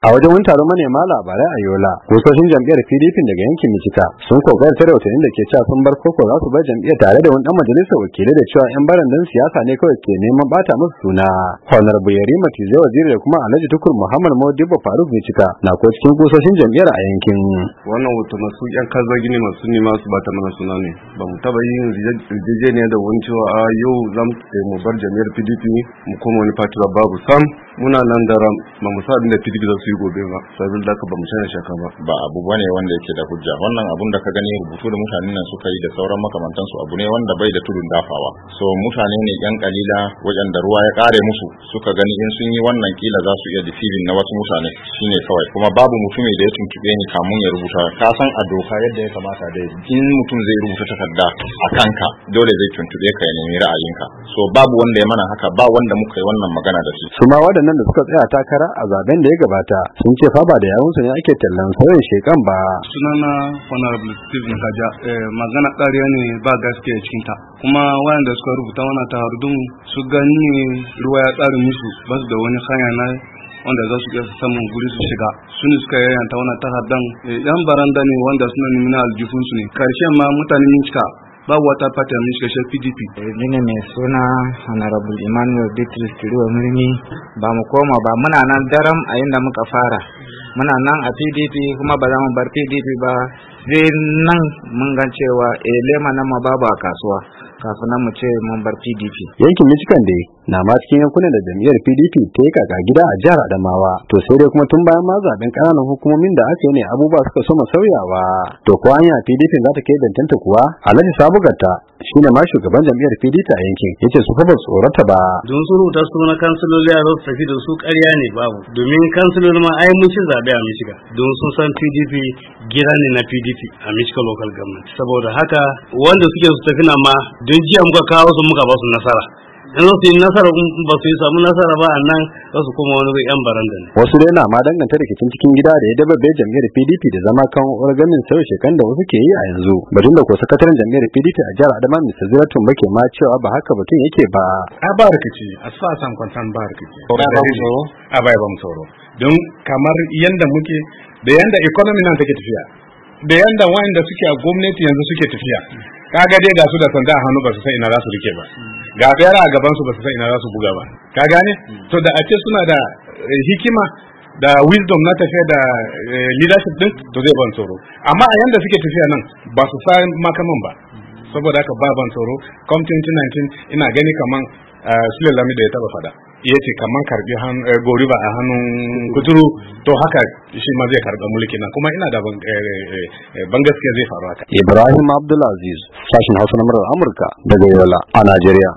a wajen wani taron manema labarai a yola kusoshin jam'iyyar pdp daga yankin michika sun kokarin tare wata da ke cewa sun bar koko za su bar jam'iyyar tare da wani dan majalisar wakilai da cewa yan barandan siyasa ne kawai ke neman bata musu suna honar buyari matize waziri da kuma alhaji tukur muhammad modibo faruk michika na ko cikin kusoshin jam'iyyar a yankin wannan wata masu yan kaza gini masu nema su bata mana suna ne ba mu taba yin rijejeniya da wani cewa a ah, yau za mu bar jam'iyyar pdp mu koma wani fatura babu sam muna nan da ran ba mu sa da titi za su yi gobe ba sabin da ba mu sanar shaka ba ba abu bane wanda yake da hujja wannan abun da ka gani rubutu da mutanen nan suka yi da sauran makamantan su abu ne wanda bai da tudun dafawa so mutane ne yan kalila wajen da ruwa ya kare musu suka gani in sun yi wannan kila za su iya dikirin na wasu mutane shine kawai kuma babu mutumi da ya tuntube ni kamun ya rubuta ka san a doka yadda ya kamata da in mutum zai rubuta takarda a kanka dole zai tuntube ka ya nemi ra'ayinka so babu wanda ya mana haka ba wanda muka yi wannan magana da shi su ma waɗannan da suka tsaya takara a zaben da ya gabata sun ce fa ba da su ne ake tallan sauyin shekan ba sunana honorable steven haja eh, magana ƙariya ne ba gaskiya cikin ta kuma waɗanda suka rubuta wannan taharudun su gani ruwa ya tsari musu ba su da wani hanya na wanda za su iya samun guri su shiga sun suka yayanta wannan takardan eh, yan baranda ne wanda suna neman aljihunsu ne karshen ma mutane cika ba wata fata ne shiga shi eh, PDP. ne mai suna Honorable Emmanuel Bitrus Kiriwa Murmi ba mu koma ba muna nan daram a inda muka fara. Muna nan a PDP kuma ba za mu bar PDP ba sai nan mun gan cewa eh lema nan ma babu a kasuwa kafin nan mu ce mun bar PDP. Yankin Michigan dai na ma cikin yankunan da jam'iyyar PDP ta yi kaka gida a jihar Adamawa to sai dai kuma tun bayan ma zaben ƙananan hukumomin da ake ne abubuwa suka soma sauyawa to ko hanya PDP za ta kai dantanta kuwa Alhaji Sabugarta shine ma shugaban jam'iyyar PDP a yankin ya ce su fa ba tsorata ba don su rubuta su na kansiloli a su tafi da su karya ne babu domin kansiloli ma ai mun zaɓe zabe a Michigan don sun san PDP gida ne na PDP a Michigan local government saboda haka wanda suke su tafi na ma don jiya muka kawo su muka ba su nasara in su yi nasara ba su yi samu nasara ba nan za su koma wani yan baranda ne. Wasu dai na ma danganta rikicin cikin gida da ya daba bai jam'iyyar PDP da zama kan organin sau shekan da wasu ke yi a yanzu. Batun da ko sakataren jam'iyyar PDP a jihar Adama Mr. Ziratun Bake ma cewa ba haka batun yake ba. A ba rikici a sa san kwantan ba rikici. A ba ba tsoro. Don kamar yanda muke da yanda economy nan take tafiya. Da yanda wa'anda suke a gwamnati yanzu suke tafiya. kaga dai ga su da sanda a hannu ba su san ina za su rike ba ga tsayar a gaban su ba su san ina za su buga ba ka gane to da a ce suna da eh, hikima da wisdom na tafiya da eh, leadership din to zai ban tsoro amma a yanda suke tafiya nan ba su san makaman ba saboda haka baban tsoro com 2019 ina gani kaman eh, sule lami da ya taba fada ya ce kaman karbi eh, ba a hannun kuturu to haka shi ma zai karɓi mulki na kuma ina da eh, ban gaskiya zai faru haka ibrahim abdulaziz sashen hausa na murar amurka daga yola a najeriya